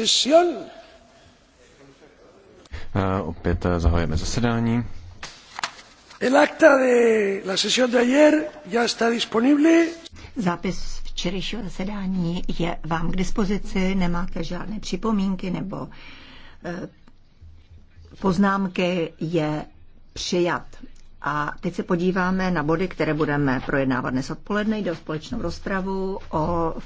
sesión. Opět eh, zahajujeme zasedání. El acta de la sesión de ayer ya está disponible. Zápis včerejšího zasedání je vám k dispozici, nemáte žádné připomínky nebo eh, poznámky, je přijat. A teď se podíváme na body, které budeme projednávat dnes odpoledne. Jde o společnou rozpravu o